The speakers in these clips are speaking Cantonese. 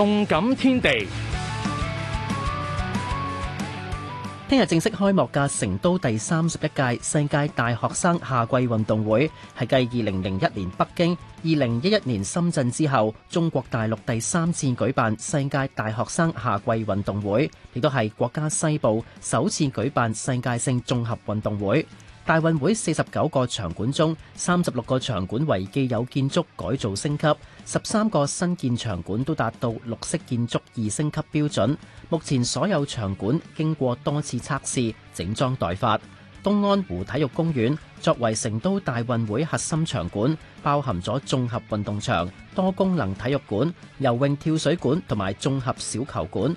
動感天地，聽日正式開幕嘅成都第三十一屆世界大學生夏季運動會，係繼二零零一年北京、二零一一年深圳之後，中國大陸第三次舉辦世界大學生夏季運動會，亦都係國家西部首次舉辦世界性綜合運動會。大運會四十九個場館中，三十六個場館為既有建築改造升級，十三個新建場館都達到綠色建築二星級標準。目前所有場館經過多次測試，整裝待發。東安湖體育公園作為成都大運會核心場館，包含咗綜合運動場、多功能體育館、游泳跳水館同埋綜合小球館。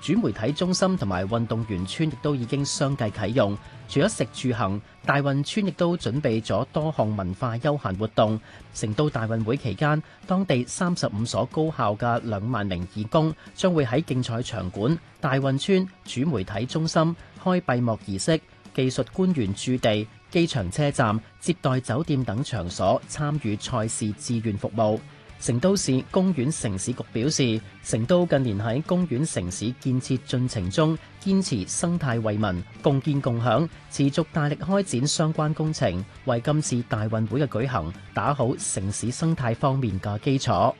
主媒體中心同埋運動員村亦都已經相繼啟用。除咗食住行，大運村亦都準備咗多項文化休閒活動。成都大運會期間，當地三十五所高校嘅兩萬名義工將會喺競賽場館、大運村、主媒體中心、開閉幕儀式、技術官員駐地、機場車站、接待酒店等場所參與賽事志願服務。成都市公園城市局表示，成都近年喺公園城市建設進程中，堅持生態惠民、共建共享，持續大力開展相關工程，為今次大運會嘅舉行打好城市生態方面嘅基礎。